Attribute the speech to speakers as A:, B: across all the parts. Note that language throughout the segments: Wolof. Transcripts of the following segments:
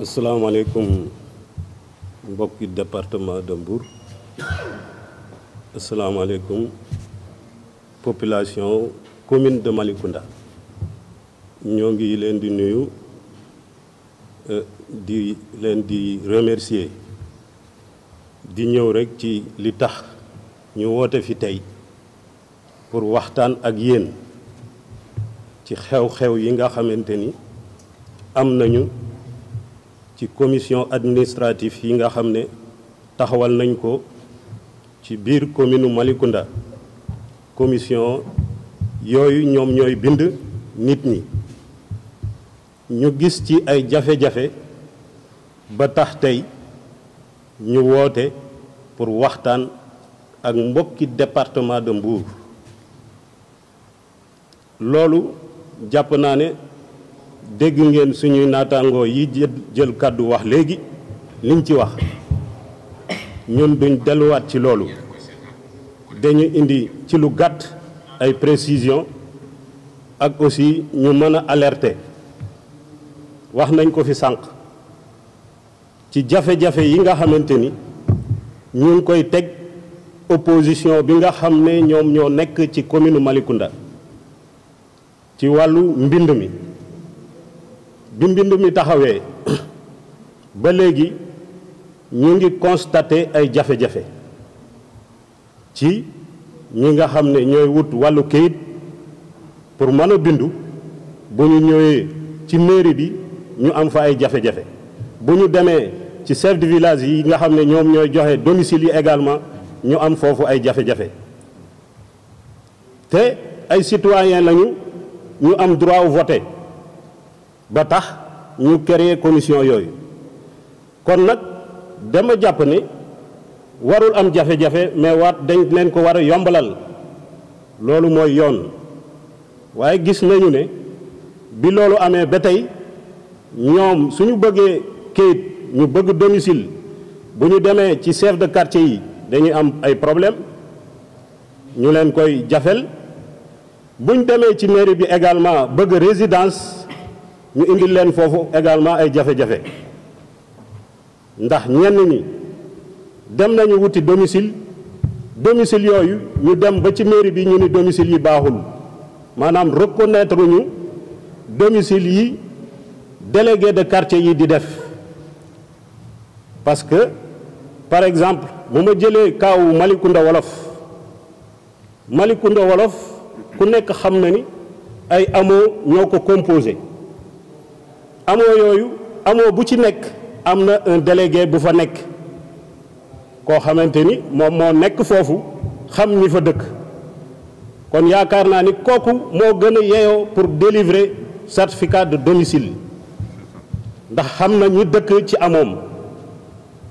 A: asalaamaaleykum mbokki département de Mbour asalaamaaleykum population commune de Malicounda ñoo ngi leen di nuyu euh, di leen di remercier di ñëw rekk ci li tax ñu woote fi tey pour waxtaan ak yéen ci xew-xew yi nga xamante ni am nañu ci commission administrative yi nga xam ne taxawal nañ ko ci biir commune Malicounda commission yooyu ñoom ñooy bind nit ñi ñu gis ci ay jafe-jafe ba tax tey ñu woote pour waxtaan ak mbokki département de Mbour loolu jàpp naa ne dégg ngeen suñuy naataangoo yi jël kàddu wax léegi liñ ci wax ñun duñ delluwaat ci loolu dañu indi ci lu gàtt ay précision ak aussi ñu mën a alerter wax nañ ko fi sànq ci jafe-jafe yi nga xamante ni ñu ngi koy teg opposition bi nga xam ne ñoom ñoo nekk ci commune Malicounda ci wàllu mbind mi bi mbind mi taxawee ba léegi ñu ngi constaté ay jafe-jafe ci ñi nga xam ne ñooy wut wàllu kayit pour mën a bindu bu ñu ñëwee ci mairie bi ñu am fa ay jafe-jafe bu ñu demee ci chef de village yi nga xam ne ñoom ñooy joxe domicile yi également ñu am foofu ay jafe-jafe te ay citoyen lañu ñu am droit voter ba tax ñu créer commission yooyu kon nag dama jàpp ni warul am jafe-jafe mais waat dañ leen ko war a yombalal loolu mooy yoon waaye gis nañu ne bi loolu amee ba tey ñoom suñu bëggee kayit ñu bëgg domicile bu ñu demee ci chef de quartier yi dañuy am ay problème ñu leen koy jafel buñ demee ci mairie bi également bëgg résidence ñu indil leen foofu également ay jafe-jafe ndax ñenn ñi dem nañu wuti domicile domicile yooyu ñu dem ba ci mairie bi ñu ni domicile yi baaxul maanaam reconnaître ñu domicile yi délégué de quartier yi di def parce que par exemple bu ma jëlee kaawu Malicounda Wolof Malicounda Wolof ku nekk xam na ni ay amoo ñoo ko composé amoo yooyu amoo bu ci nekk am na un délégué bu fa nekk koo xamante ni moom moo nekk foofu xam ñi fa dëkk kon yaakaar naa ni kooku moo gën a yeyoo pour délivrer certificat de domicile ndax xam na ñi dëkk ci amoom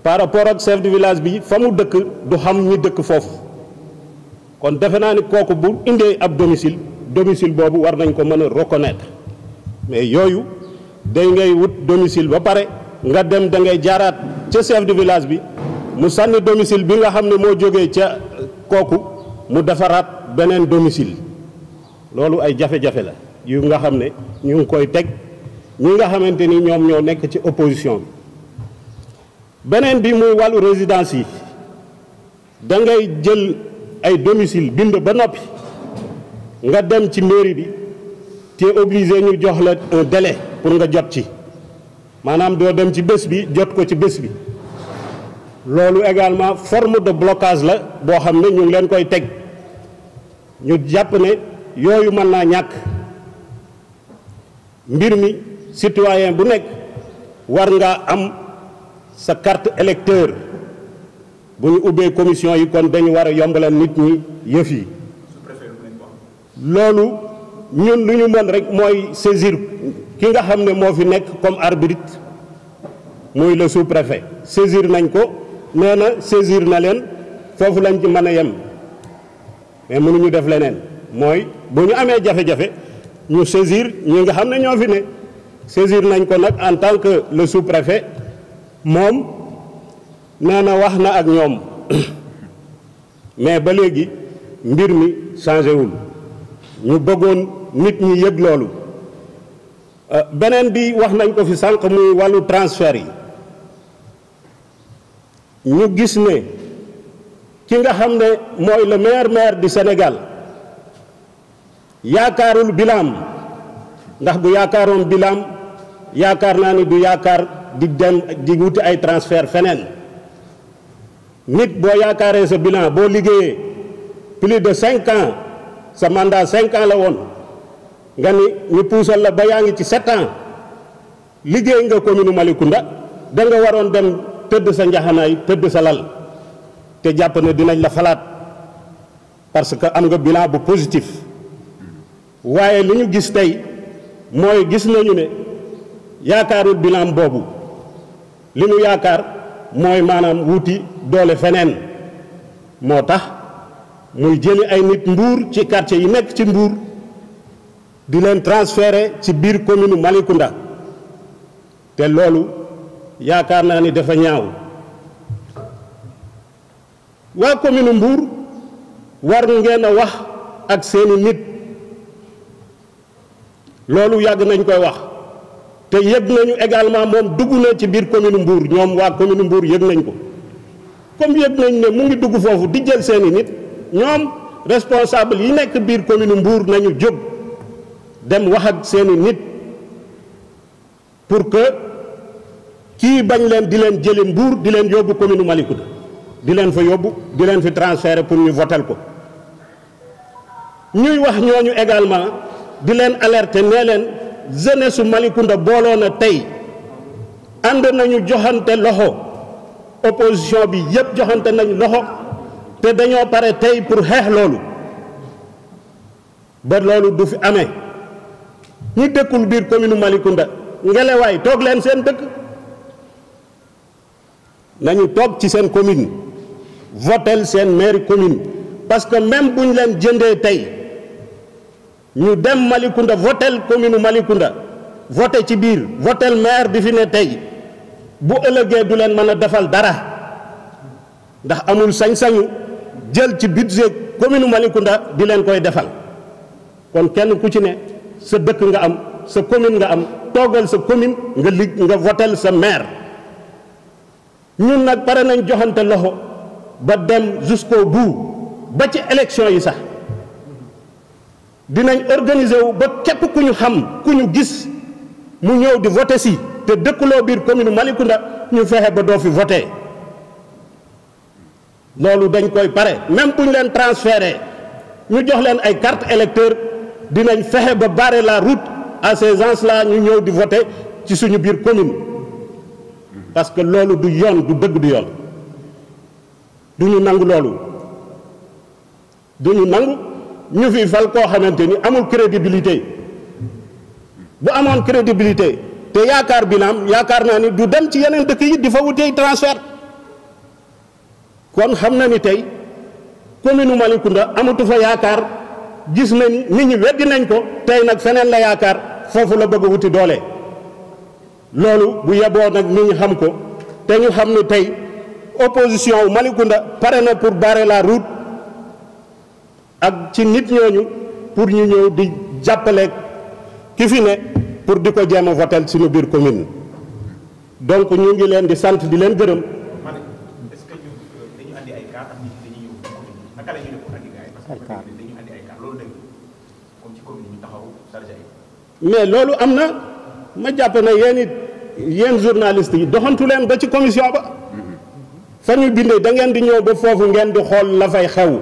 A: par rapport ak chef de village bi fa mu dëkk du xam ñi dëkk foofu kon defe naa ni kooku bu indee ab domicile domicile boobu war nañ ko mën a reconnaître mais yooyu day ngay wut domicile ba pare nga dem da ngay jaaraat ca chef de village bi mu sànni domicile bi nga xam ne moo jógee ca kooku mu defaraat beneen domicile loolu ay jafe-jafe la yu nga xam ne ñu ngi koy teg ñi nga xamante ni ñoom ñoo nekk ci opposition bi beneen bi muy wàllu résidence yi da ngay jël ay domicile bind ba noppi nga dem ci mairie bi te obligé ñu jox la un pour nga jot ci maanaam doo dem ci bés bi jot ko ci bés bi loolu également forme de blocage la boo xam ne ñu ngi leen koy teg ñu jàpp ne yooyu mën naa ñàkk mbir mi citoyen bu nekk war ngaa am sa carte électeur bu ñu ubbee commission yi kon dañu war a yombalal nit ñi yëf yi loolu ñun lu ñu mën rek mooy saisir ki nga xam ne moo fi nekk comme arbitre muy le sous-préfet saisir nañ ko nee na saisir na leen foofu lañ ci mën a yem mais mënuñu def leneen mooy bu ñu amee jafe-jafe ñu saisir ñi nga xam ne ñoo fi ne saisir nañ ko nag en tant que le sous-préfet moom nee na wax na ak ñoom mais ba léegi mbir mi changé wul ñu bëggoon nit ñi yëg loolu Euh, beneen bi wax nañ ko fi sànq muy wàllu transfert yi ñu gis ne ki nga xam ne mooy le meilleur maire du Sénégal yaakaarul bilaam ndax bu yaakaaroon bilaam yaakaar naa ni du yaakaar di dem di wuti ay transfert feneen nit boo yaakaaree sa bilan boo liggéeyee plus de cinq ans sa mandat cinq ans la woon nga ni ñu puusal la ba yaa ngi ci sept ans liggéey nga commune Malicounda da nga waroon dem tëdd sa njaxanaay tëdd sa lal te jàpp na dinañ la falaat parce que am nga bilan bu positif waaye li ñu gis tey mooy gis nañu ne yaakaarul bilan boobu li ñu yaakaar mooy maanaam wuti doole feneen moo tax muy jëli ay nit mbuur ci quartier yi nekk ci mbuur di leen transféré ci biir commune Malicounda te loolu yaakaar naa ni dafa ñaaw waa commune mbuur war ngeen a wax ak seeni nit loolu yàgg nañ koy wax te yëg nañu également moom dugg na ci biir commune mbuur ñoom waa commune mbuur yëg nañ ko comme yëg nañ ne mu ngi dugg foofu di jël seeni nit ñoom responsable yi nekk biir commune mbuur nañu jóg dem wax ak seeni nit pour que kii bañ leen di leen jëli buur di leen yóbbu commune Malikounda di leen fa yóbbu di leen fi transféré pour ñu votel ko ñuy wax ñooñu également di leen alerter nee leen jeunesse su Malikounda booloo na tey ànd nañu joxante loxo opposition bi yépp joxante nañ loxo te dañoo pare tey pour xeex loolu ba loolu du fi amee ñi dëkkul biir commune Malicounda ngelawaay toog leen seen dëkk nañu toog ci seen commune votel seen maire commune parce que même bu ñu leen jëndee tey ñu dem Malicounda votel commune Malicounda voté ci biir votel maire di fi ne tey bu ëllëgee du leen mën a defal dara ndax amul sañ-sañu jël ci budget commune Malicounda di leen koy defal kon kenn ku ci ne sa dëkk nga am sa commune nga am toogal sa commune nga lig nga votel sa maire ñun nag pare nañ joxante loxo ba dem jusqu'au bout ba ci élection yi sax dinañ organiser wu ba képp ku ñu xam ku ñu gis mu ñëw di voté si te dëkkuloo biir commune Malicounda ñu fexe ba doo fi voté loolu dañ koy pare même bu ñu leen transféré ñu jox leen ay carte électeur dinañ fexe ba barrer la route à ces gens-là ñu ñëw di voter ci suñu biir commune parce que loolu du yoon du dëgg du yoon du nangu loolu du ñu nangu ñu fi fal koo xamante ni amul crédibilité bu amoon crédibilité te yaakaar bi naam yaakaar naa ni du dem ci yeneen dëkk yi di fa wutee transfert kon xam na ni tey commune Malicounda amatu fa yaakaar. gis na ni nit ñi weddi nañ ko tey nag feneen la yaakaar foofu la bëgg a wuti doole loolu bu yeboon nag nit ñi xam ko te ñu xam ni tey opposition wu Malicounda pare na pour bare la route ak ci nit ñooñu pour ñu ñëw di jàppale ki ne pour di ko jéem a voter suñu biir commune donc ñu ngi leen di sant di leen gërëm mais loolu am na ma jàpp ne yéen it yéen journaliste yi doxantu leen ba ci commission ba fa ñu bindee da ngeen di ñëw ba foofu ngeen di xool la fay xew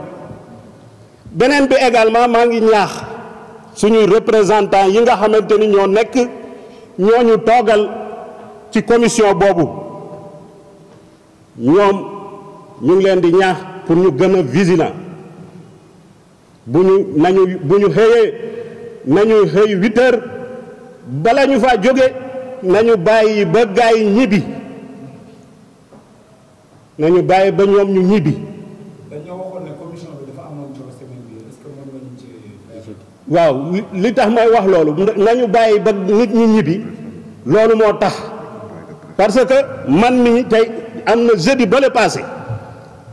A: beneen bi également maa ngi ñaax suñuy représentant yi nga xamante ni ñoo nekk ñoo ñu toogal ci commission boobu ñoom ñu ngi leen di ñaax pour ñu gën a vigilant bu ñu nañu bu ñu xëyee nañu xëy huit bala ñu fa jóge nañu bàyyi ba gaay ñibbi nañu bàyyi ba ñoom ñu ñibbi. dañoo ñu ci. waaw li tax may wax loolu nañu bàyyi ba nit ñi ñibbi loolu moo tax parce que man mii tey am na jeudi ba le passé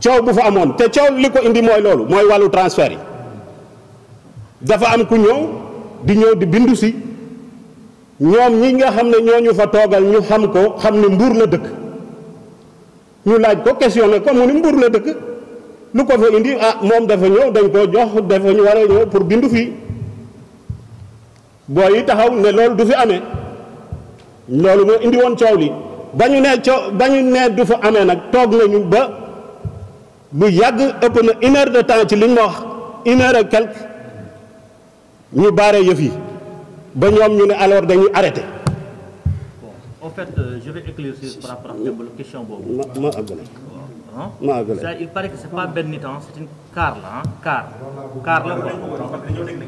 A: coow bu fa amoon te coow li ko indi mooy loolu mooy wàllu transfert yi dafa am ku ñëw. di ñëw di bindu si ñoom ñi nga xam ne ñoo ñu fa toogal ñu xam ko xam ne mbuur la dëkk ñu laaj ko questionné ko mu ni mbuur la dëkk lu ko fa indi ah moom dafa ñëw dañ koo jox dafa ñu war a ñëw pour bindu fii booy taxaw ne loolu du fi amee loolu moo indi woon coow li ba ñu nee coow ba ñu nee du fa amee nag toog nañu ba lu yàgg ëpp na une de temps ci li ñu ma wax quelque ñu baaree yëf yi ba ñoom ñu ne alors dañuy arrêté. bon en fait euh, je vais éclaircir par rapport ak question boobu. ma ma àggale. ma àggale ça il paraît que c'est pas benn nit c'est une car la ah car. car la quoi.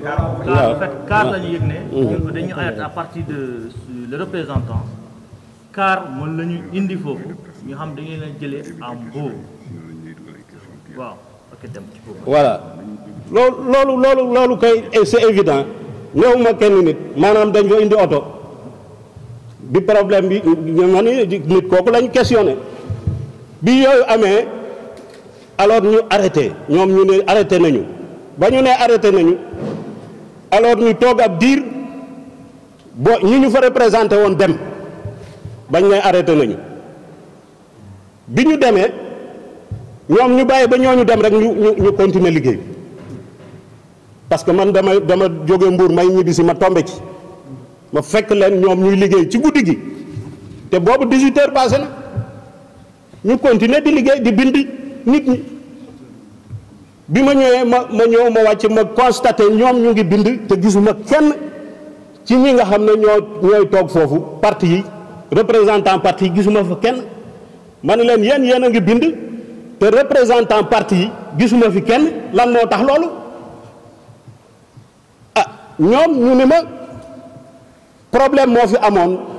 A: car en fait car la ñu yëg ne. dañu arrêté à partir de le représentant. car moom la ñu indi foofu ñu xam dañu leen jëlee en beau. waaw ok dem ci foofu. voilà. loolu loolu loolu loolu koy eh, c'est évident néew ma kenn nit maanaam dañ fa indi oto bi problème bi ma ni nit kooku lañu questionné bi yooyu amee alors ñu arrêté ñoom ñu ne arrêté nañu ba ñu ne arrêté nañu alors ñu toog ab diir bo ñi ñu fa représenté woon dem bañ ne arrêté nañu bi ñu demee ñoom ñu bàyyi ba ñoo ñu dem rek ñu ñu continuer liggéey parce que man dama dama jóge mbuur may ñibbisi ma tombe ci ma fekk leen ñoom ñuy liggéey ci guddi gi te boobu 18 heures passé na ñu continuer di liggéey di bind nit ñi bi ma ñëwee ma ma ñëw ma wàcc ma constaté ñoom ñu ngi bind te gisuma kenn ci ñi nga xam ne ñoo ñooy toog foofu parti yi représentant parti yi gisuma fa kenn ma ne leen yéen yéen a ngi bind te représentant parti yi gisuma fi kenn lan moo tax loolu ñoom ñu ne ma problème moo fi amoon